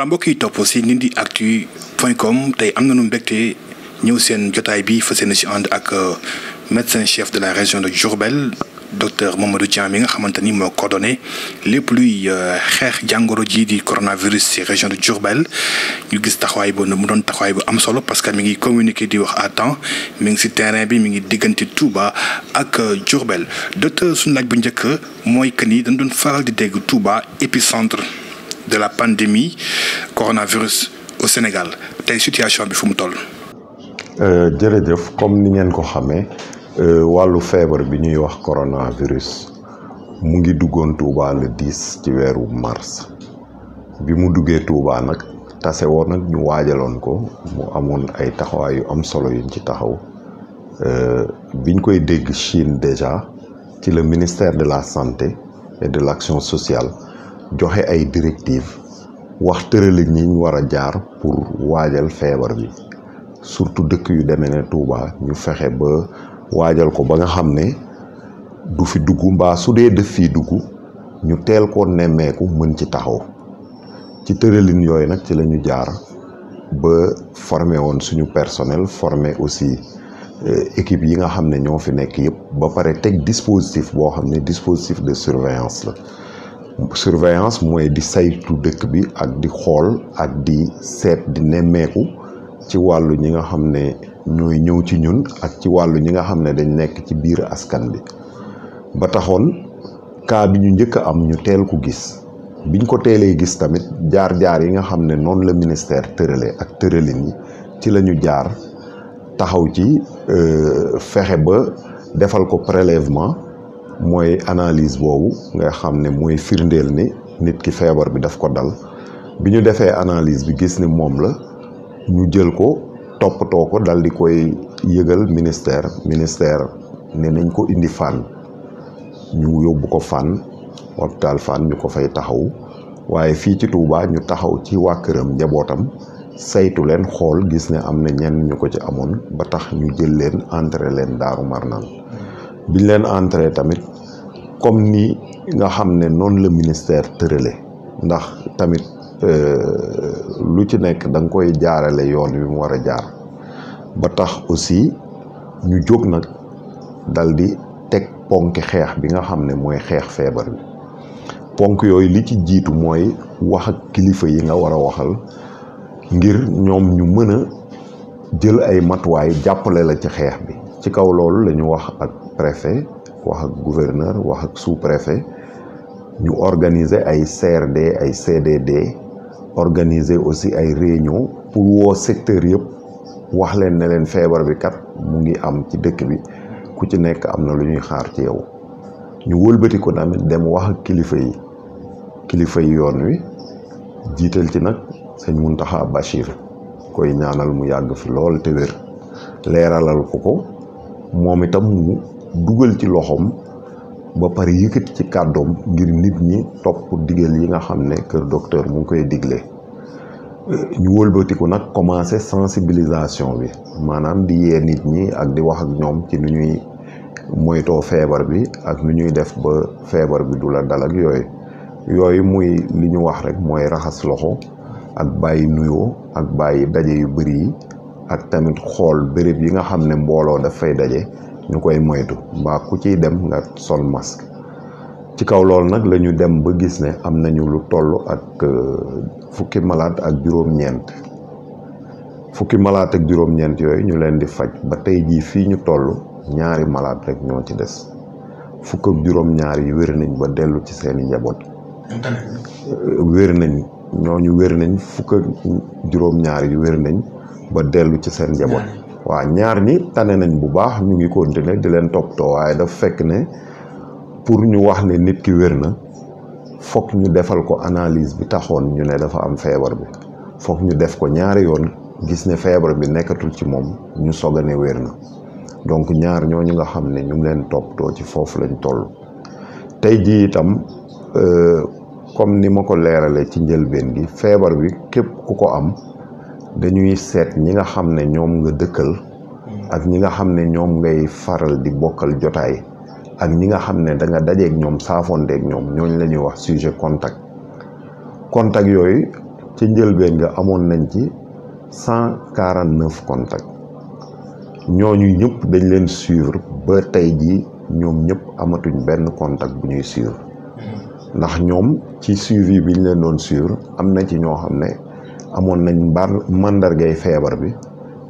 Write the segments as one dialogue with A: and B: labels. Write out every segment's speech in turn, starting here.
A: voilà mbokk yi topp di Ndindyactu point com tey am na nañu mbégte ñëw seen jotaay bi fas yéene si ànd ak euh, médecin chef de la région de Diourbel docteur Mamadou Thiam mi nga xamante ni moo coordonné lépp luy euh, xeex jàngoro jii di coronavirus ci région de Diourbel ñu gis taxawaay boobu mu doon taxawaay bu am solo parce que mi ngi communiqué di wax à temps mi ngi ci terrain bi mi ngi diggante Touba ak euh, Diourbel docteur suñu laaj bu njëkk mooy que ni dañ doon faral di dégg Touba épicentre de la pandémie coronavirus au Sénégal tey situation bi fu mu toll.
B: Euh, jërëjëf comme ni ngeen ko xamee euh, wàllu feebar bi ñuy wax coronavirus mu ngi duggoon Touba le 10 ci weeru mars bi mu duggee Touba nag tase woon nag ñu waajaloon ko mu amoon ay taxawaayu am solo yuñ ci taxaw euh, biñ koy dégg Chine déjà ci le ministère de la santé et de l'action sociale. joxe ay directives wax tëralin yi ñu war a jaar pour waajal feebar bi surtout dëkk yu demee ne Touba ñu fexe ba waajal ko ba nga xam ne du fi dugg mbaa su dee def fii dugg ñu teel ko nemmeeku mën ci taxaw ci tëralin yooyu nag ci lañu jaar ba formé woon suñu personnel formé aussi euh, équipe yi nga xam ne ñoo fi nekk yëpp ba pare teg dispositif boo xam ne dispositif de surveillance la surveillance mooy di saytu dëkk bi ak di xool ak di seet di nemmeeku ci wàllu ñi nga xam ne ñooy ñëw ci ñun ak ci wàllu ñi nga xam ne dañ nekk ci biir askan bi ba taxoon cas bi ñu njëkk a am ñu teel ko gis biñ ko teelee gis tamit jaar-jaar yi nga xam ne noonu la ministère tërale ak tëralin yi ci lañu jaar taxaw ci euh, fexe ba defal ko prélèvement mooy analyse boobu ngay xam ne mooy firndeel ni nit ki feebar bi daf ko dal bi ñu defee analyse bi gis ni moom la ñu jël ko toppatoo ko dal di koy yëgal ministère ministère ne nañ ko indi Fann ñu yóbbu ko Fann hôpital Fann ñu ko fay taxaw waaye fii ci Touba ñu taxaw ci waa këram njabootam saytu leen xool gis ne am na ñenn ñu ko ci amoon ba tax ñu jël leen entré leen Daaru Marnaan biñ leen entré tamit comme ni nga xam ne noonu la ministère tërale ndax tamit euh, lu ci nekk da nga koy jaarale yoon wi mu war a jaar ba tax aussi ñu jóg nag dal di teg ponk xeex bi nga xam ne mooy xeex feebar bi ponk yooyu li ci jiitu mooy wax ak kilifa yi nga war a waxal ngir ñoom ñu mën a jël ay matuwaay jàppale la ci xeex bi ci kaw loolu la ñu wax ak préfet wax ak gouverneur wax ak sous préfet ñu organise ay CRD ay CDD organiser aussi ay réunion pour woo secteur yëpp wax leen ne leen feebar bi kat mu ngi am ci dëkk bi ku ci nekk am na lu ñuy xaar ci yow ñu wëlbati ko tamit dem wax ak kilifa yi kilifa yi yoon wi jiital ci nag sëñ Muntaxa Bachir koy ñaanal mu yàgg fi lool te wér leeralal ko ko moom itam mu dugal ci loxoom ba pare yëkkati ci kàddoom ngir nit ñi topp digal yi nga xam ne kër docteur mu ngi koy digle ñu wëlbatiku nag commencé sensibilisation bi maanaam di yee nit ñi ak di wax ak ñoom ci nu ñuy moytoo feebar bi ak nu ñuy def ba feebar bi du la dal ak yooyu yooyu muy li ñu wax rek mooy raxas loxo ak bàyyi nuyoo ak bàyyi daje yu bëri yi ak tamit xool béréb yi nga xam ne mbooloo daf fay daje ñu koy moytu mbaa ku ciy dem nga sol masque ci kaw loolu nag lañu dem ba gis ne am nañu lu toll ak euh, fukki malaat ak juróom-ñeent fukki malade ak yooyu ñu leen di faj ba tey jii fii ñu toll ñaari malaat rek ñoo ci des fukk ak juróom-ñaar yi wér nañ ba dellu ci seeni njaboot wér nañ ñooñu wér nañ fukk ak juróom-ñaar yi wér nañ ba dellu ci seen njaboot waaw ñaar ñi tane nañ bu baax ñu ngi continuer di leen too waaye dafa fekk ne pour ñu wax ne nit ki wér na foog ñu defal ko analise bi taxoon ñu ne dafa am feebar bi foog ñu def ko ñaari yoon gis ne feebar bi nekkatul ci moom ñu soog a ne wér na donc ñaar ñooñu nga xam ne ñu ngi leen toppatoo ci foofu lañ toll tey jii itam euh, comme ni ma ko leeralee ci njëlbeen gi feebar bi képp ku ko am dañuy seet ñi nga xam ne ñoom nga dëkkal mm. ak ñi nga xam ne ñoom ngay faral di bokkal jotaay ak ñi nga xam ne danga nga dajeeg ñoom saafonteeg ñoom ñooñ la wax sujet contact contact yooyu ci njëlbeen nga amoon nañ ci cent quarante neuf ñooñu ñëpp dañ leen suivre ba tey jii ñoom ñëpp amatuñ benn contact bu ñuy suivre mm. ndax ñoom ci suivi bi ñu leen doon suivre am na ci ñoo xam ne amoon nañ mbar mandargay feebar bi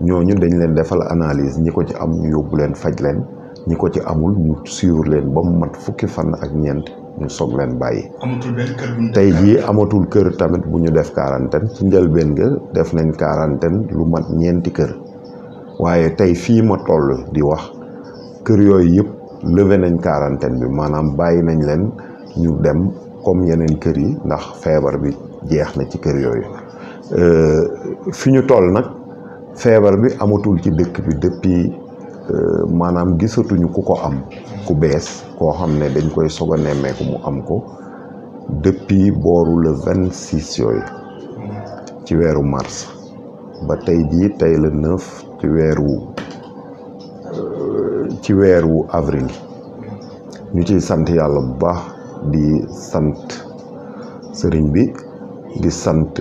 B: ñooñu dañ leen defal analyse ñi ko ci am ñu yóbbu leen faj leen ñi ko ci amul ñu suivre leen ba mu mat fukki fan ak ñeent ñu soog leen bàyyi. tey jii amatul kër tamit bu ñu def quarantaine ci njëlbeen nga def nañ quarantaine lu mat ñeenti kër waaye tey fii ma toll di wax kër yooyu yëpp levé nañ quarantaine bi maanaam bàyyi nañ leen ñu dem comme yeneen kër yi ndax feebar bi jeex na ci kër yooyu. Euh, fi ñu tool nag feebar bi amatul ci dëkk bi depuis euh, maanaam gisatuñu ku ko am ku bees koo xam ne dañ koy soog a nemmeeku mu am ko depuis booru le vingt yooyu ci weeru mars ba tey jii tey la neuf ci weeru euh, ci weeru avril ñu ciy sant yàlla bu baax di sant sëriñ bi di sant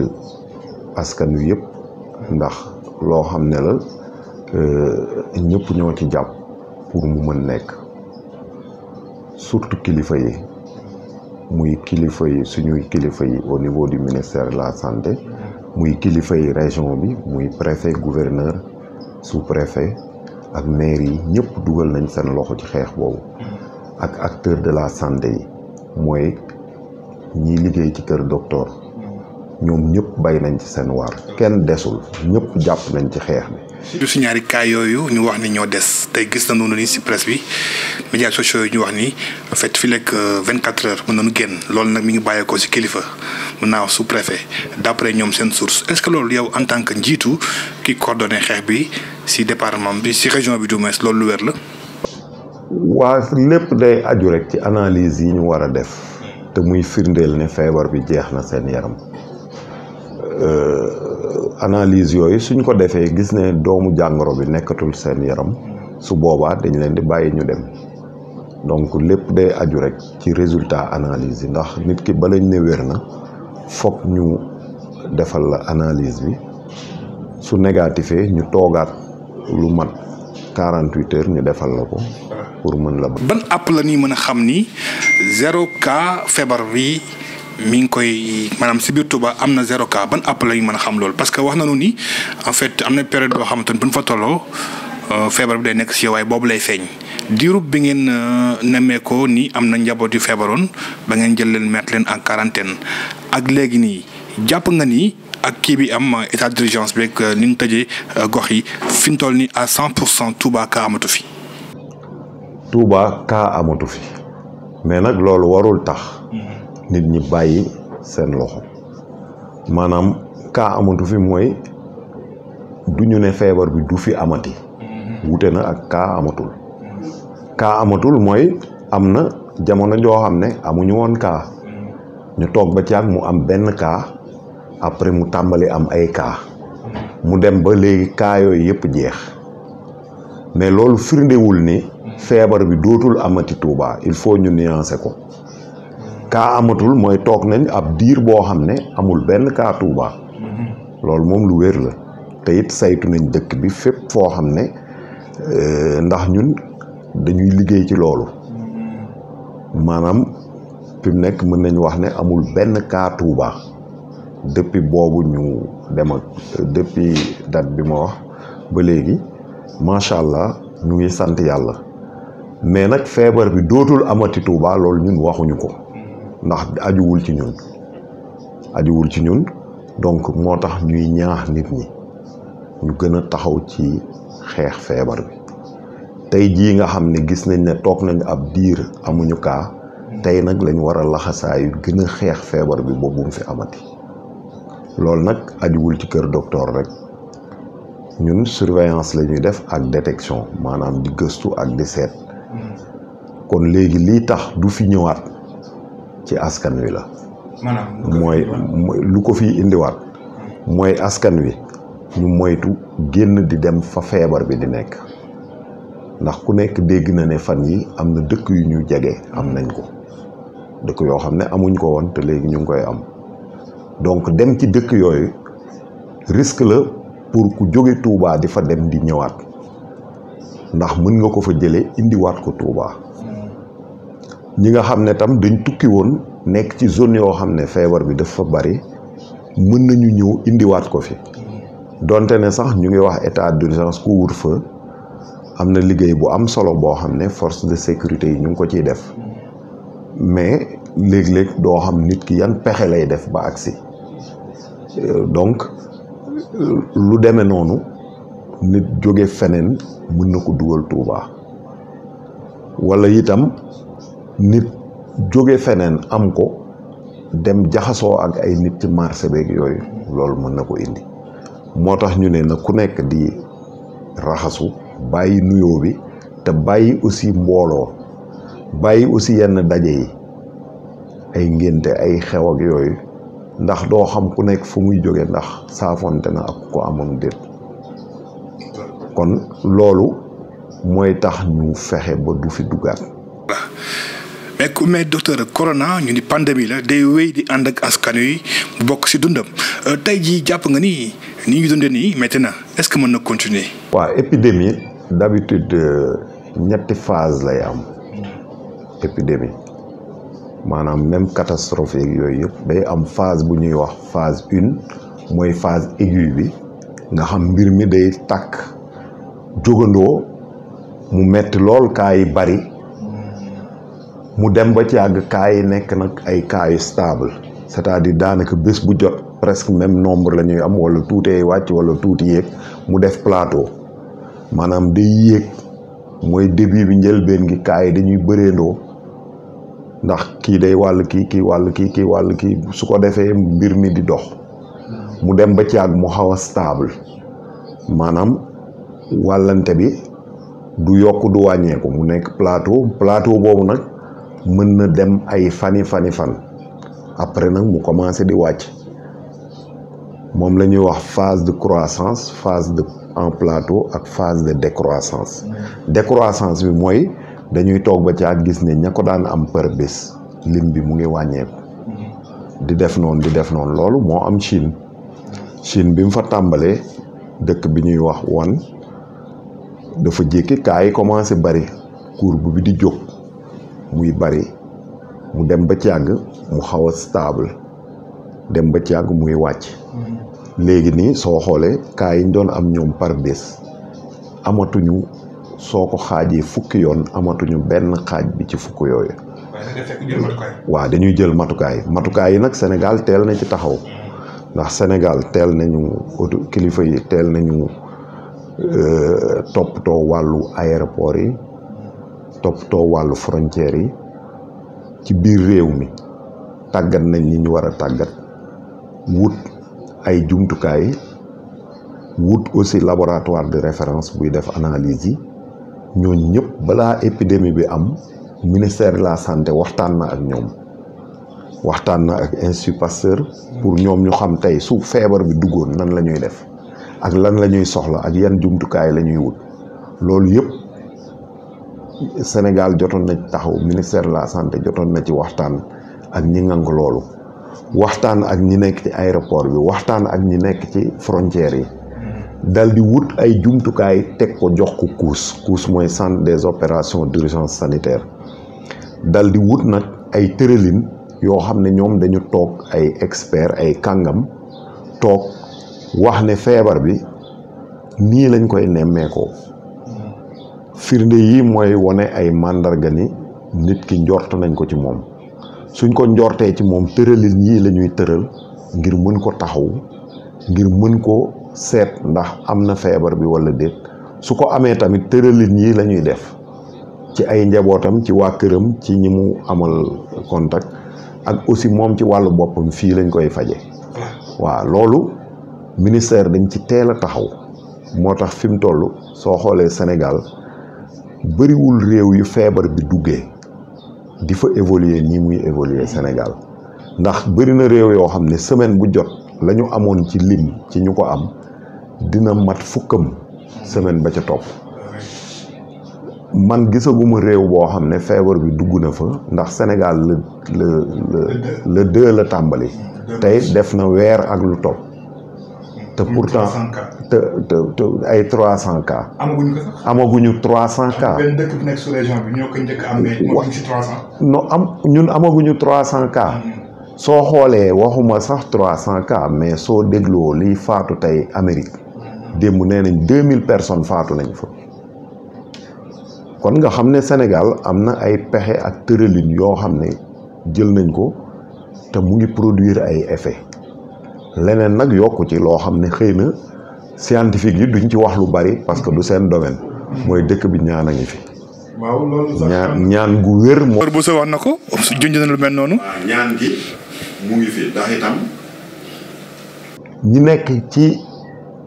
B: askan wi yëpp ndax loo xam ne la euh, ñëpp ñoo ci jàpp pour mu mën nekk surtout kilifa yi muy kilifa yi suñuy kilifa yi au niveau du ministère la santé muy kilifa yi région bi muy préfet gouverneur sous-préfet ak maire yi ñëpp dugal nañ seen loxo ci xeex boobu ak acteur de la santé yi mooy ñiy liggéey ci kër docteur ñoom ñëpp bay nañ ci seen waar kenn desul ñëpp jàpp nañ ci xeex
A: bi. su ñaari kaay yooyu ñu wax ni ñoo des te gis na noonu ni si presse bi médias sociaux yi ñu wax ni en fait fi lekk euh, vingt quatre heures mën nañu génn loolu nag mi ngi bàyyeekoo si kilifa mën naa wax sous préfet après ñoom seen source est ce que loolu yow en tant que njiitu ki coordonné xeex bi si département bi si région bi du moins loolu lu wér la.
B: waa lépp day aju rek ci analyse yi ñu war a def te muy firndeel ne feebar bi jeex na seen yaram. Euh, analyse yooyu suñ ko defee gis ne doomu jàngoro bi nekkatul seen yaram su boobaa dañ leen di bàyyi ñu dem donc lépp day aju rek ci résultat analyse yi ndax nit ki balañ ne wér na foog ñu defal la analyse bi su négatifee ñu toogaat lu mat 48 heures ñu defal la ko pour mën la.
A: ban app la ñuy mën a xam ni zéro cas feebar bi. mi ngi koy maanaam si biir Touba am na zéro cas ban appel la ñu mën a xam loolu parce que wax na nañu ni en fait am na période boo xamante ni bu ñu fa tolloo euh, feebar bi day nekk si yow boobu lay feeñ. diirub bi ngeen euh, nemmeekoo ni am na njaboot yu feebaroon ba ngeen jël leen mettre leen en quarantaine ak léegi nii jàpp nga ni ak kii bi am euh, état d'urgence beeg ni ñu tëje gox yi fi ñu toll nii à 100 pour cent Touba kaa amatu fi.
B: Touba kaa amatu fi mais nag loolu warul tax. nit ñi bàyyi seen loxo maanaam kaa amatu fi mooy du ñu ne feebar bi du fi amati wute na ak kaa amatul kaa amatul mooy am na jamono joo xam ne amuñu woon kaa ñu toog ba caag mu am benn kaa après mu tàmbali am ay kaa mu dem ba léegi kaa yooyu yëpp jeex mais loolu firndewul ni feebar bi dootul amati Tuuba il faut ñu nuancer ko kaa amatul mooy toog nañ ab diir boo xam ne amul benn kaa Touba loolu moom lu wér la te it saytu nañ dëkk bi fépp foo xam ne euh, ndax ñun dañuy liggéey ci loolu maanaam fi mu nekk mën nañ wax ne amul benn kaa Touba depuis boobu ñu dem ak depuis bi ma wax ba léegi macha allah ñu ngi sant yàlla mais nag feebar bi dootul amati Touba loolu ñun waxuñu ko. ndax ajuwul ci ñun ajuwul ci ñun donc moo tax ñuy ñaax nit ñi ñu gën a taxaw ci xeex feebar bi tey jii nga xam ne gis nañ ne toog nañu ab diir amuñu kaa tey nag lañu war a laxasaayu gën a xeex feebar bi boobu mu fi amati loolu nag ajuwul ci kër docteur rek ñun surveillance lañuy def ak détection maanaam di gëstu ak di seet hmm. kon léegi lii tax du fi ñëwaat ci askan wi la. mooy lu ko fi indiwaat. mooy askan wi ñu moytu génn di dem fa feebar bi di nekk ndax ku nekk dégg na ne fan yi am na dëkk yu ñu jege am nañ ko dëkk yoo xam ne amuñ ko woon te léegi ñu ngi koy am donc dem ci dëkk yooyu risque la pour ku jóge tuubaa di fa dem di ñëwaat ndax mën nga ko fa jëlee indiwaat ko tuubaa ñi nga xam ne tam dañ tukki woon nekk ci zone yoo xam ne feebar bi dafa bari mën nañu ñëw indiwaat ko fi donte ne sax ñu ngi wax état d'urgence couvre-feu am na liggéey bu am solo boo xam ne force de sécurité yi ñu ngi ko ciy def mais léeg-léeg doo xam nit ki yan pexe lay def ba agsi donc lu demee noonu nit jóge feneen mën na ko dugal Tuuba wala itam nit jóge feneen am ko dem jaxasoo ak ay nit ci marché beeg yooyu loolu mën na ko indi moo tax ñu ne na ku nekk di raxasu bàyyi nuyoo bi te bàyyi aussi mbooloo bàyyi aussi yenn daje yi ay ngénte ay xewak yooyu ndax doo xam ku nekk fu muy jóge ndax saafonte na ak ko amoon déet kon loolu mooy tax ñu fexe ba du fi duggaat
A: mais ku mais docteur corona ñu
B: ni pandémie la day wéy
A: di ànd ak askan wi bokk si dundam euh, tey jii jàpp nga ni ni ñu dundee nii métti na est-ce que mën na continuer.
B: waaw épidémie d'habitude euh, ñetti phase lay am épidémie maanaam même catastrophe yooyu yëpp day am phase bu ñuy wax phase une mooy phase aiguë bi nga xam mbir mi day takk jógandoo mu metti lool kaa yi bari. mu dem ba ci àgg cas yi nekk nag ay cas yu stable cest à daanaka bés bu jot presque même nombre la ñuy am wala tuutee wàcc wala tuuti yéeg mu def plateau maanaam day mooy début bi njëlbeen gi yi dañuy bëreendoo ndax kii day wàll kii kii wàll kii kii wàll kii su ko defee mbir mi di dox mu dem ba ci àgg mu xaw a stable maanaam wàllante bi du yokk du wàññeeku mu nekk plateau plateau boobu nag. mën na dem ay fani fani fan après nag mu commencé di wàcc moom la ñuy wax phase de croissance phase de en plateau ak phase de décroissance décroissance bi mooy dañuy toog ba caag gis ne ña ko daan am par bés lim bi mu ngi wàññeeku di def noonu di def noon loolu moo am Chine Chine bi mu fa tàmbalee dëkk bi ñuy wax wan dafa jékki kaa yi commencé bari courbe bi di jóg muy bari mu dem ba ci yàgg mu xaw a stable dem ba ci yàgg muy wàcc mm-hmm. léegi nii soo xoolee kaa yi ñu doon am ñoom par bés amatuñu soo ko xaajee fukki yoon amatuñu benn xaaj bi ci fukk yooyu waa dañuy jël matukaay matukaay yi nag Sénégal teel na ci taxaw mm-hmm. ndax Sénégal teel nañu kilifa yi teel nañu euh, toppatoo wàllu aéroport yi too wàllu frontière yi ci biir réew mi tàggat nañ ñi ñu war a tàggat wut ay jumtukaay wut aussi laboratoire de référence buy def analyse yi ñooñu ñëpp balaa épidémie bi am ministère de la santé waxtaan na ak ñoom waxtaan na ak Institut Pasteur pour ñoom ñu xam tey su feebar bi duggoon nan la ñuy def ak lan la ñuy soxla ak yan jumtukaay lañuy ñuy wut loolu yëpp Sénégal jotoon na taxaw ministère la santé jotoon na ci waxtaan ak ñi ngang loolu waxtaan ak ñi nekk ci aéroport bi waxtaan ak ñi nekk ci frontières yi dal di wut ay jumtukaay teg ko jox ko COUS COUS mooy centre des opérations d'urgence sanitaire dal di wut na ay tëralin yoo xam ne ñoom dañu toog ay expert ay kàngam toog wax ne feebar bi nii lañ koy nemmeekoo firnde yii mooy wane ay màndarga ni nit ki njort nañ ko ci moom suñ ko njortee ci moom tëralin yii lañuy ñuy tëral ngir mën ko taxaw ngir mën ko seet ndax am na feebar bi wala déet su ko amee tamit tëralin yii la ñuy def ci ay njabootam ci waa këram ci ñi mu amal contact ak aussi moom ci wàllu boppam fii lañ koy faje waaw loolu ministère dañ ci teel a taxaw moo tax fi mu toll soo xoolee Sénégal bëriwul réew yu feebar bi duggee di fa évoluer nii muy évoluer Sénégal ndax bëri na réew yoo xam ne semaine bu jot lañu amoon ci lim ci ñu ko am dina mat fukkam semaine ba ca topp man gisaguma réew boo xam ne feebar bi dugg na fa ndax Sénégal la la la la la tàmbali tey def na weer ak lu topp te pourtant te te ay trois cas. amaguñu amaguñu 300 cas. benn
A: am amaguñu si 300.
B: non ñun amaguñu 300 cas. Mm. soo xoolee waxuma sax 300 cas mais soo dégloo liy faatu tey Amérique mm. démb nee nañ 2000 personnes faatu nañ fa. kon nga xam ne Sénégal am na ay pexe ak tëralin yoo xam ne jël nañ ko te mu ngi produire ay effet leneen nag yokku ci loo xam ne xëy na scientifique yi duñ ci wax lu bari parce que du seen domaine mooy dëkk bi ñaan a ngi fi. waaw ñaan ñaan gu wér. moo bu sa wax na ko junj lu mel noonu. ñaan ñi nekk ci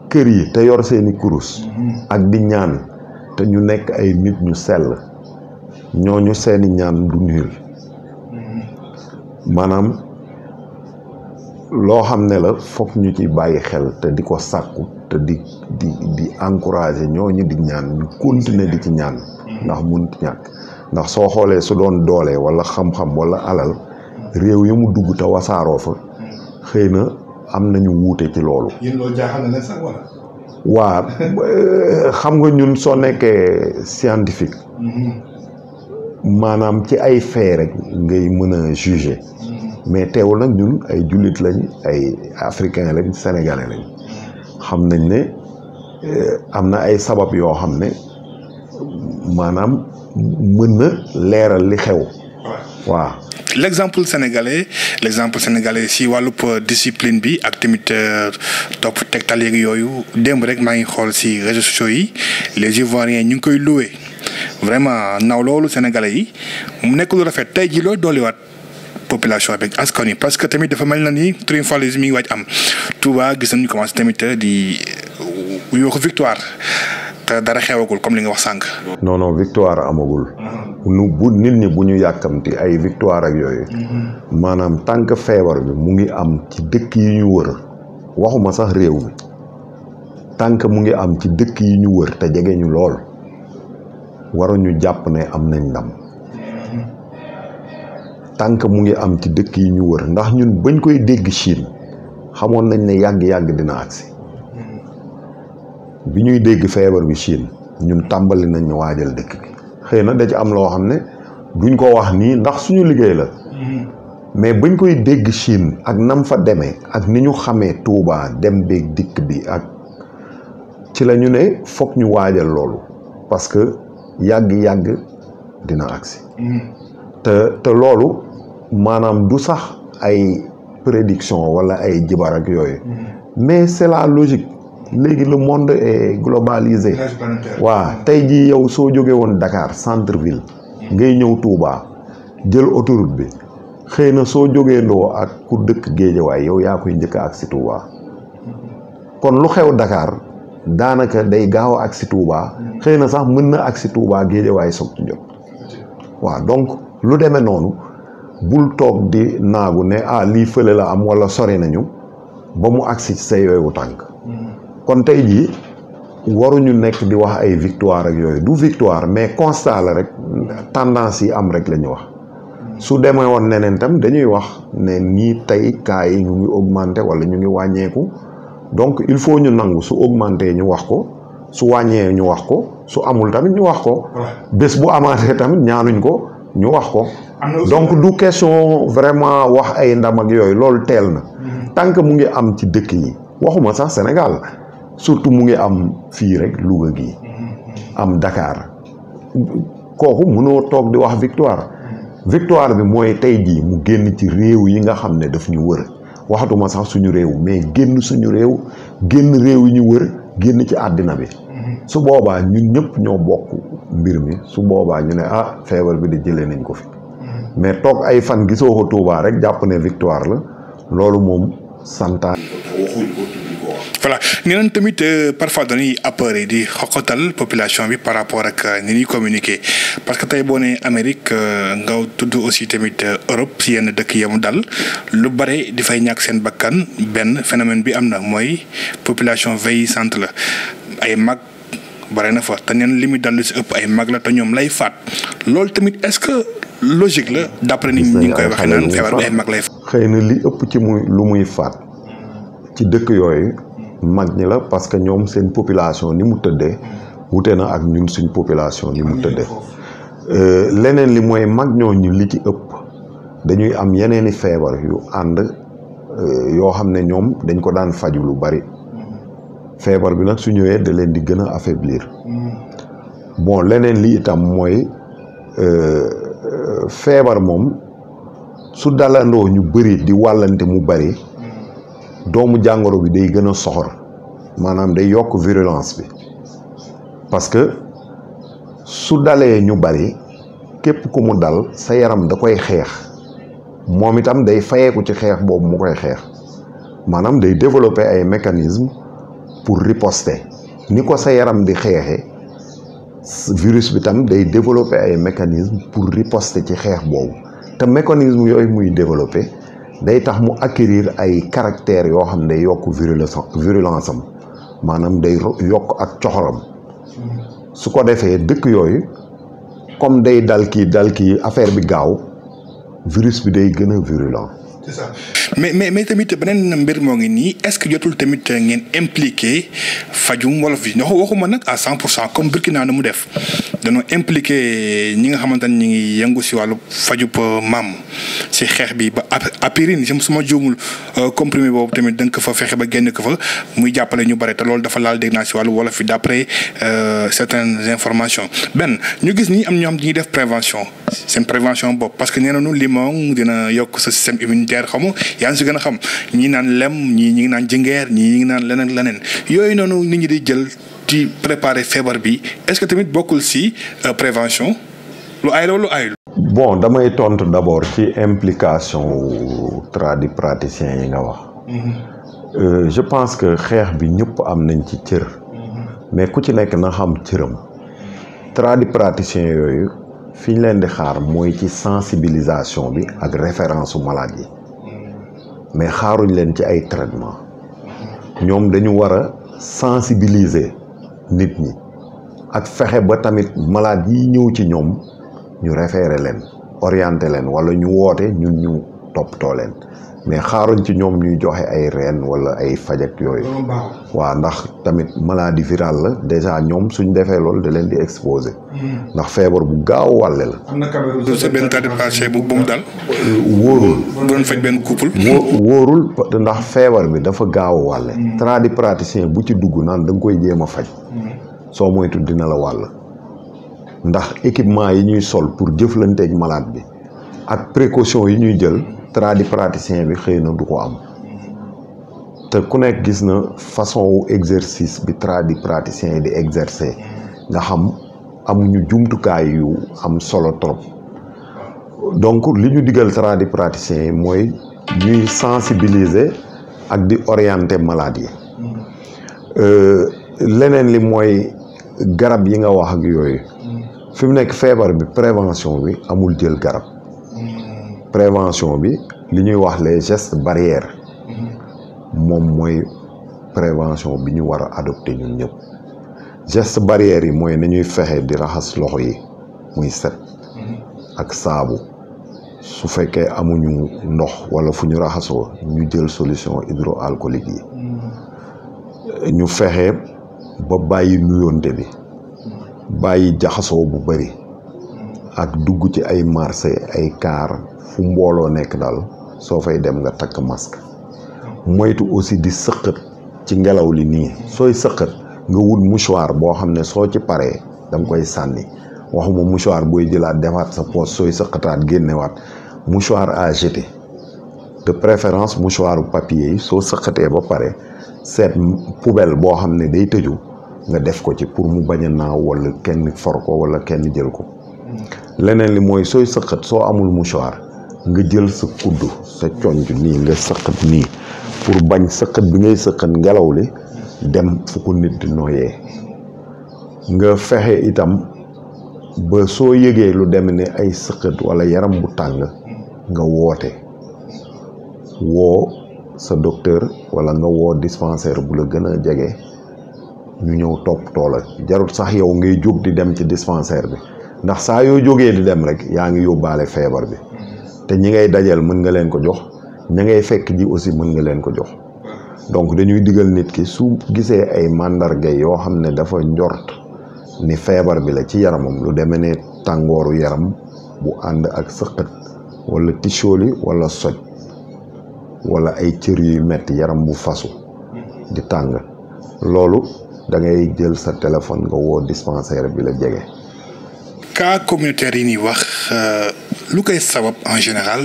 B: kër yi te yor seeni kurus. ak di ñaan te ñu nekk ay nit ñu sell ñooñu seeni ñaan du nuyul mhm. maanaam. loo xam ne la foog ñu ci bàyyi xel te di ko sàkku te di di di encourager ñu di ñaan ñu continuer di ci ñaan ndax munti ñàkk ndax soo xoolee su doon doolee wala xam-xam wala alal réew yi mu dugg te wasaaroo fa xëy na am nañu wuute ci loolu. yéen loolu waa xam nga ñun soo nekkee scientifique.
A: Mm-hmm.
B: maanaam ci ay faits rek ngay mën a juger. Mm-hmm. mais teewul nag ñun ay jullit lañ ay africain lañ sénégalais lañ xam nañ ne eh, am na ay sabab yoo xam ne maanaam mën na leeral li xew waaw l'exemple sénégalais l'exemple sénégalais
A: si wàllub euh, discipline bi ak tamit euh, topp tegtal yeeg yooyu démb rek maa ngi xool si réseaux sociaux yi les Ivoiriens ñu ngi koy loué vraiment naw loolu sénégalais yi mu nekk lu rafet tey ji loolu dolliwaat population avec askan wi parce que tamit dafa mel na ni triomphalisme mi ngi waaj am Touba gis nañu commencé tamit di euh, yooxu victoire te dara xewagul comme li nga wax sànq.
B: non non victoire amagul. nu nit ñi bu ñu yàkkamti ay victoire ak yooyu. Mm-hmm. maanaam tant que feebar bi mu ngi am ci dëkk yi ñu wër waxuma sax réew mi tant mu ngi am ci dëkk yi ñu wër te jege ñu lool ñu jàpp ne am nañ ndam. tànk mu ngi am ci dëkk yi ñu wër ndax ñun bañ koy dégg Chine xamoon nañ ne yàgg-yàgg dina agsi bi ñuy dégg feebar bi Chine ñun tàmbali nañ waajal dëkk bi xëy na da ci am loo xam ne duñ ko wax nii ndax suñu liggéey la mais bañ koy dégg Chine ak nam fa demee ak ni ñu xamee Touba dem beeg dikk bi ak ci la ñu ne foog ñu waajal loolu parce que yàgg-yàgg dina agsi mm-hmm. te te loolu maanaam du sax ay prédiction wala ay jibar ak yooyu mm-hmm. mais c'est la logique léegi le monde est globalisé waa tey jii yow soo jógee woon Dakar centre ville mm-hmm. ngay ñëw Touba jël autoroute bi xëy na soo jógee ndoo ak ku dëkk géejawaay yow yaa koy njëkk ak si Touba mm-hmm. kon lu xew Dakar daanaka day gaaw ak xëy na sax mën na ak si Touba géejawaay soog ci jot waaw donc lu deme noonu bul toog di naagu ne ah lii fële la am wala sori nañu ba mu agsi ci sa yooyu tànk kon tey jii waruñu nekk di wax ay victoire ak yooyu du victoire mais constat la rek tendance yi am rek la ñu wax su demee woon neneen tam dañuy wax ne nii tey kaa yi ñu ngi augmenté walla ñu ngi wàññeeku donc il faut ñu nangu su augmenté ñu wax ko su wàññee ñu wax ko su amul tamit ñu wax ko bés bu amaatee tamit ñaanuñ ko ñu wax ko donc du question vraiment wax ay ndam ak yooyu loolu teel na mm-hmm. tant que mu ngi am ci dëkk yi waxuma sax Sénégal surtout mu ngi am fii rek Louga gi
A: mm-hmm.
B: am Dakar kooku mënoo toog di wax victoire mm-hmm. victoire bi mooy tey jii mu génn ci réew yi nga xam ne daf ñu wër waxatuma sax suñu réew mais génn suñu réew génn réew yi ñu wër génn ci àddina bi su boobaa ñun ñëpp ñoo bokk mbir mi su boobaa ñu ne ah feebar bi di jëlee nañ ko fi mm-hmm. mais toog ay fan gisoo ko Touba rek jàpp ne victoire la loolu moom santaan voilà nee nañ tamit euh, parfois
A: dañuy appeler di xoqatal population bi par rapport ak euh, ni ñuy communiquer parce que tey boo nee Amérique euh, nga tudd aussi tamit Europe si yenn dëkk yamu dal lu bare di fay ñàkk seen bakkan benn phénomène bi am na mooy population vieillissante la ay mag. bare na fa ta neen li muy lu si ëpp ay mag la te ñoom lay faat loolu tamit est-ce que logique la d'après ni ñu ngi koy waxee naan feebar bi ay
B: xëy na li ëpp ci muy lu muy faat ci dëkk yooyu mag ñi la parce que ñoom seen population ni mu tëddee wute na ak ñun suñ population ni mu tëddee euh, leneen li mooy mag ñooñu li ci ëpp dañuy am yeneeni feebar yu ànd euh, yoo xam ne ñoom dañ ko daan faju lu bari feebar bi nag su ñëwee da leen di gën a affaiblir bon leneen li itam mooy euh, feebar moom su dalandoo ñu bëri di wàllante mu bëri doomu jàngoro bi day gën a soxor maanaam day yokk virulence bi parce que su dalee ñu bari képp ku mu dal sa yaram da koy xeex moom itam day fayeeku ci xeex boobu mu koy xeex maanaam day développer ay mécanismes pour riposter ni ko sa yaram di xeexe virus bi tam day développer ay mécanisme pour riposter ci xeex boobu te mécanisme yooyu muy développer day tax mu acquérir ay caractères yoo xam ne yokk virulence virulence am maanaam day yokk ak coxoram su ko defee dëkk yooyu comme day dal kii dal kii affaire bi gaaw virus bi day gëna a
A: mais mais mais tamit beneen mbir moo ngi nii est-ce que jotul tamit ngeen impliqué fajum wolof yi ñoo waxuma nag à cent pour cent comme naa nu mu def dañoo impliqué ñi nga xamante ne ñu ngi yëngu si wàllu fajub euh, maam si xeex bi ba apérine su ma juumul euh, comprimé boobu tamit da nga ko fa fexe ba génn ko fa muy jàppale ñu bare te loolu dafa laal dégg naa si wàllu wolof yi d'après euh, certaines informations benn ñu gis nii am ñoo xam ñuy def prévention seen prévention bopp parce que nee nañu limon dina yokk sa système immunitaire xamu yaa ngi si gën a xam ñii naan lem ñii ñi ngi naan jëngeer ñii ñi ngi naan leneen leneen yooyu noonu nit ñi di jël di préparer feebar bi est-ce que tamit bokkul si euh, prévention lu ay lu ayul.
B: bon damay tontu d'abord ci implication tradipraticiens yi nga wax. Mm-hmm. Euh, je pense que xeex bi ñëpp am nañ ci cër. Mm-hmm. mais ku ci nekk na xam cëram. tradipraticiens yooyu fi ñu leen di xaar mooy ci sensibilisation bi ak référence su malade yi. mais xaaruñ leen ci ay traitement ñoom dañu war a sensibiliser nit ñi ak fexe ba tamit malade yi ñëw ci ñoom ñu référé leen orienté leen wala ñu woote ñun ñu toppatoo leen mais xaaruñ ci ñoom ñuy joxe ay reen wala ay fajak yooyu waaw ndax tamit maladie virale la déjà ñoom suñ defee loolu da leen di exposé hmm. ndax feebar bu gaaw wàlle la
A: sa benn tati patient bu
B: ndax feebar bi dafa gaaw wàlle hmm. tradipraticien bu ci dugg naan da koy jéem a faj hmm. soo moytu dina la wàll ndax équipement yi ñuy sol pour jëflanteeg malaad bi ak précaution yi ñuy jël tradipraticien bi xëy na du ko am te ku nekk gis na façon wu exercice bi tradipraticien yi di exercer nga xam amuñu jumtukaay yu am solo trop donc li ñu digal tradipraticien yi mooy ñuy sensibiliser ak di orienter malade yi euh, leneen li mooy garab yi nga wax ak yooyu fi mu nekk feebar bi prévention bi amul jël garab prévention bi li ñuy wax les gestes barrières moom mooy prévention bi ñu war a adopté ñun ñëpp geste barrières yi mooy ñuy fexe di raxas loxo yi muy set ak saabu su fekkee amuñu ndox wala fu ñu raxasoo ñu jël solution hydroalcoolique yi ñu fexe ba bàyyi nuyoonte bi bàyyi jaxasoo bu bëri ak dugg ci ay marché ay kaar fu mbooloo nekk daal soo fay dem nga takk mask moytu aussi di sëqat ci ngelaw li nii sooy sëqat nga wut mouchoir boo xam ne soo ci paree danga koy sànni waxuma mouchoir booy jëlaat defaat sa poos sooy sëqataat génnewaat mouchoir à jeter de préférence mouchoiru papier yi soo sëqatee ba pare seet poubelle boo xam ne day tëju nga def ko ci pour mu bañ a naaw wala kenn for ko wala kenn jël ko leneen li mooy sooy sëqat soo amul mouchoir nga jël sa kudd sa conj nii nga sëqat nii pour bañ sëqat bi ngay sëqat ngelaw li dem fu nit di noyee nga fexe itam ba soo yëgee lu dem ni ay sëqat walla yaram bu tàng nga woote woo sa docteur walla nga woo dispensaire bu la gën a jege ñu ñëw topp toola jarut sax yow ngay jóg di dem ci dispensaire bi ndax saa yoo jógee di dem rek yaa ngi yóbbaale feebar bi te ñi ngay dajal mën nga leen ko jox ña ngay fekk ji aussi mën nga leen ko jox donc dañuy digal nit ki su gisee ay màndarga yoo xam ne dafa njort ni feebar bi la ci yaramam lu deme ne tàngooru yaram bu ànd ak sëqët walla tichooli wala soj wala ay cër yuy metti yaram bu fasu di tàng loolu dangay jël sa téléphone nga woo dispensaire bi la jege
A: cas communautaire yi ñuy wax euh, lu koy sabab en général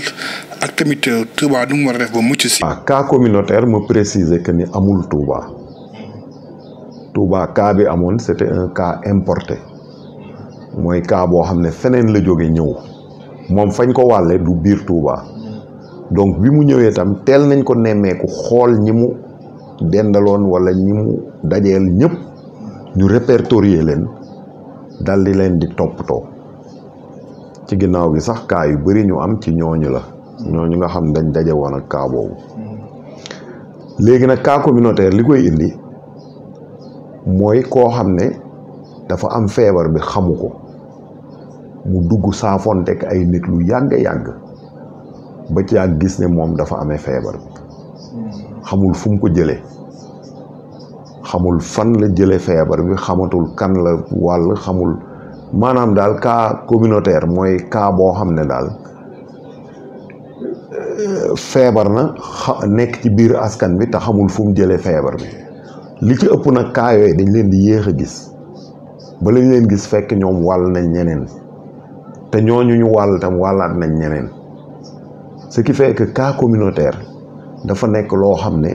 A: ak tamit euh, Touba nu mu war a def ba mucc si. waaw
B: ah, cas communautaire ma préciser que ni amul Touba Touba cas bi amoon c'était un cas importé mooy kaa boo xam ne feneen la jóge ñëw moom fañ ko wàlle du biir Touba donc bi mu ñëwee tam teel nañ ko nemmeeku xool ñi mu dendaloon wala ñi mu dajeel ñëpp ñu répertorier leen. dal di leen di toppatoo ci ginnaaw gi sax kaa yu bari ñu am ci ñooñu la ñooñu nga xam dañ daje woon ak kaa boobu léegi nag kaa communautaire li koy indi mooy koo xam ne dafa am feebar bi xamu ko mu dugg saafontek ay nit lu yàgg-yàgg ba ci ak gis ne moom dafa amee feebar bi xamul fu mu ko jëlee xamul fan la jëlee feebar bi xamatul kan la wàll xamul maanaam daal kaa communautaire mooy kaa boo xam ne daal euh, feebar na nekk ci biir askan bi te xamul fu mu jëlee feebar bi li ci ëpp nag cas yooyu dañ leen di yéex a gis ba lañ leen gis fekk ñoom wàll na ñeneen te ñooñu ñu wàll tam wàllaat na ñeneen ce qui fait que cas dafa nekk loo xam ne.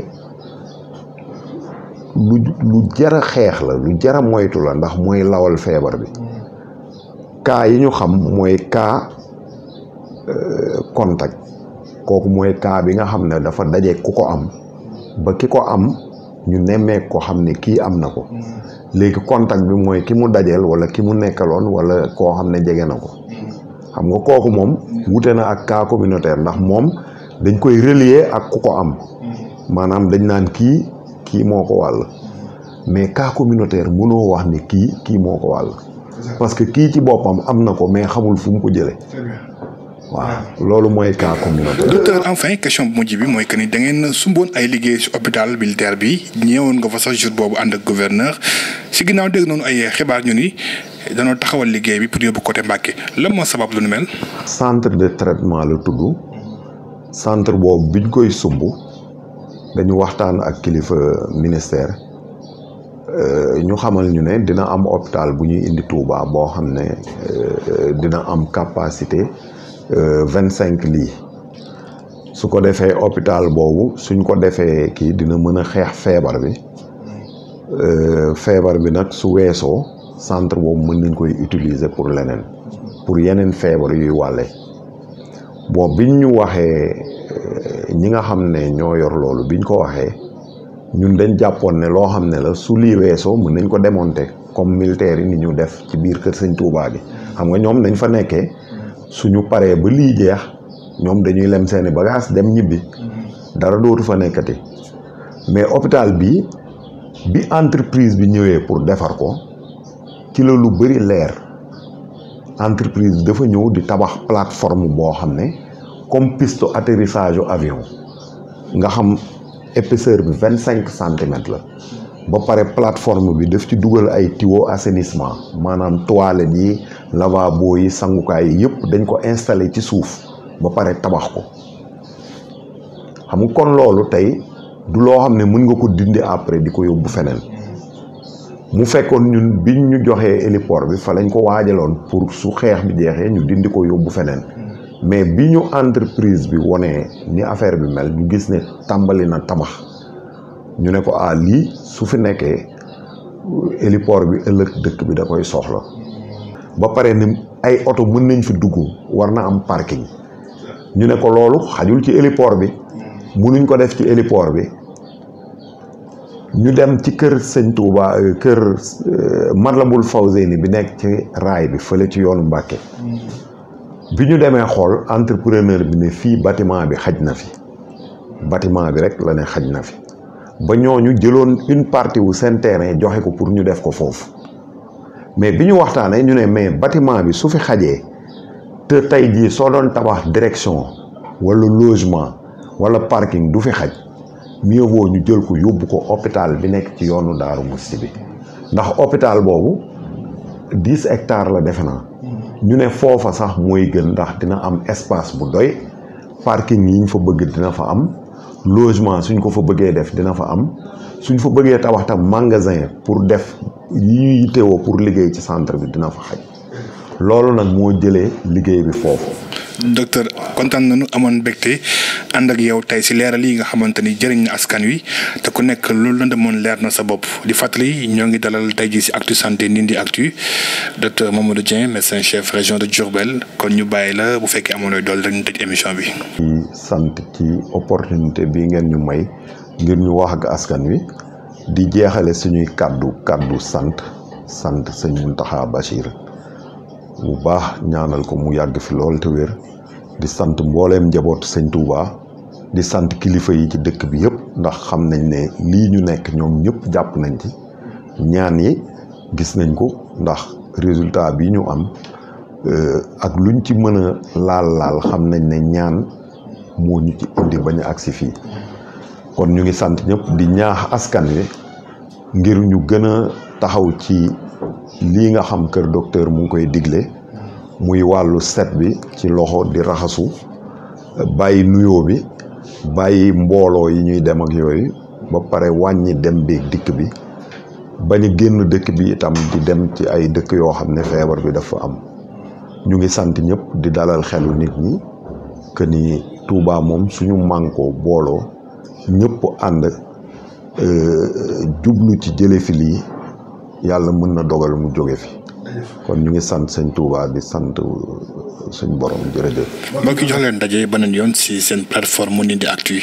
B: lu jara xeex la lu jara moytu la ndax mooy lawal feebar bi kaa yi ñu xam mooy kaa euh, contact kooku mooy kaa bi nga xam ne dafa daje ku ko am ba ki ko am ñu nemmeek ko xam ne kii am na ko léegi contact bi mooy ki mu dajeel wala ki mu nekkaloon wala koo xam ne jege na ko xam nga kooku moom wute na ak kaa communautaire ndax moom dañ koy relier ak ku ko am maanaam dañ naan kii kii moo ko wàll mais cas communautaire mënoo wax ni kii kii moo ko wàll parce que kii ci boppam am na ko mais xamul fu mu ko jëlee waaw loolu mooy cas communautaire. docteur
A: enfin question bu mujj bi mooy que ni da ngeen sumboon ay liggéey si hôpital militaire bi ñëwoon nga fa sax jour boobu ànd ak si ginnaaw de noonu ay xibaar ñu ni danoo taxawal liggéey bi pour yóbbu côté Mbacké lan moo sabab lu nu
B: mel. centre de traitement la tudd centre boobu biñ koy sumb. dañu waxtaan ak kilifa ministère euh, ñu xamal ñu ne dina am hôpital bu ñuy indi Touba boo xam ne euh, dina am capacité euh, vingt cinq li su ko defee hôpital boobu suñ ko defee kii dina mën a xeex feebar bi feebar bi nag su weesoo centre boobu mën nañ koy utiliser pour leneen pour yeneen feebar yuy wàlle bon biñ ñu waxee ñi nga xam ne ñoo yor loolu biñ ko waxee ñun dañ jàppoon ne loo xam ne la su lii weesoo mën nañ ko démonter comme militaire yi ni ñu def ci biir kër sëñ Touba gi xam nga ñoom nañ fa nekkee suñu paree ba lii jeex ñoom dañuy lem seeni bagages dem ñibbi dara dootu fa nekkati mais hôpital bi bi entreprise bi ñëwee pour defar ko ci la lu bëri leer entreprise dafa ñëw di tabax plateforme boo xam ne comme piste atterrissage u avion nga xam épaisseur bi vingt cinq centimètres la ba pare plateforme bi def ci dugal ay tuyaux assainissement maanaam toilettes yi lavabo yi sangukaay yi yëpp dañ ko installé ci suuf ba pare tabax ko xam nga kon loolu tey du loo xam ne mën nga ko dindi après di ko yóbbu feneen mu fekkoon ñun biñ ñu joxee héliport bi fa lañ ko waajaloon pour su xeex bi jeexee ñu dindi ko yóbbu feneen mais bi ñu entreprise bi wonee ni affaire bi mel ñu gis ne tàmbali na tabax ñu ne ko ah lii su fi nekkee héliport bi ëllëg dëkk bi da koy soxla ba pare ni ay oto mën nañ fi dugg war na am parking ñu ne ko loolu xajul ci héliport bi mu mënuñ ko def ci héliport bi ñu dem ci kër sëñ Touba euh, kër euh, Matlabul Fawzeyni bi nekk ci raay bi fële ci yoonu Mbàkke bi ñu demee xool entrepreneur bi ne fii bâtiment bi xaj na fi bâtiment bi rek la ne xaj na fi ba ñu jëloon une partie wu seen terrain joxe ko pour ñu def ko foofu mais bi ñu waxtaanee ñu ne mais bâtiment bi su fi xajee te tey jii soo doon tabax direction wala logement wala parking du fi xaj mieux vaut ñu jël ko yóbbu ko hôpital bi nekk ci yoonu Daaru Musti bi ndax hôpital boobu dix hectares la defe naa ñu ne foofa sax mooy gën ndax dina am espace bu doy parking yi ñu fa bëgg dina fa am logement suñ ko fa bëggee def dina fa am suñ fa bëggee tabax magasin pour def yi ñuy yittewoo pour liggéey ci centre bi dina fa xaj loolu nag moo jëlee liggéey bi foofu
A: docteur kontaan na nañu amoon mbégte ànd ak yow tey si leeral yi nga xamante ni jëriñ na askan wi te ku nekk loolu la demoon leer na sa bopp di fàttali ñoo ngi dalal tey jii si actu santé Ndindy Actu docteur Mamadou Dieng médecin chef région de Diourbel kon ñu bàyyi la bu fekkee amoon looy dool rek ñu tëj émission bi.
B: di sant ci opportunité bi ngeen ñu may ngir ñu wax ak askan wi di jeexale suñuy kàddu kàddu sant sant sëñ Mountakha Bachir. bu baax ñaanal ko mu yàgg fi lool te wér di sant mbooleem njaboot sëñ Touba di sant kilifa yi ci dëkk bi yëpp ndax xam nañ ne lii ñu nekk ñoom ñëpp jàpp nañ ci ñaan yi gis nañ ko ndax résultat bi ñu am euh, ak luñ ci mën a laal laal xam nañ ne ñaan moo ñu ci indi bañ a agsi fii kon ñu ngi sant ñëpp di ñaax askan yi ngir ñu gën a taxaw ci lii nga xam kër docteur mu ngi koy digle muy wàllu set bi ci loxo di raxasu bàyyi nuyoo bi bàyyi mbooloo yi ñuy dem ak yooyu ba pare wàññi dem beeg dikk bi bañ a génn dëkk bi itam di dem ci ay dëkk yoo xam ne feebar bi dafa am ñu ngi sant ñëpp di dalal xelu nit ñi que ni Touba moom suñu mànkoo booloo ñëpp ànd euh, jublu ci jële fi lii yàlla mën na dogal mu jóge fi kon ñu ngi sant sëñ Touba di sant suñ borom jërëjëf.
A: mbokk jox leen daje beneen yoon si seen plateforme mu ni di actu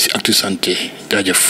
A: si actu santé jaajëf.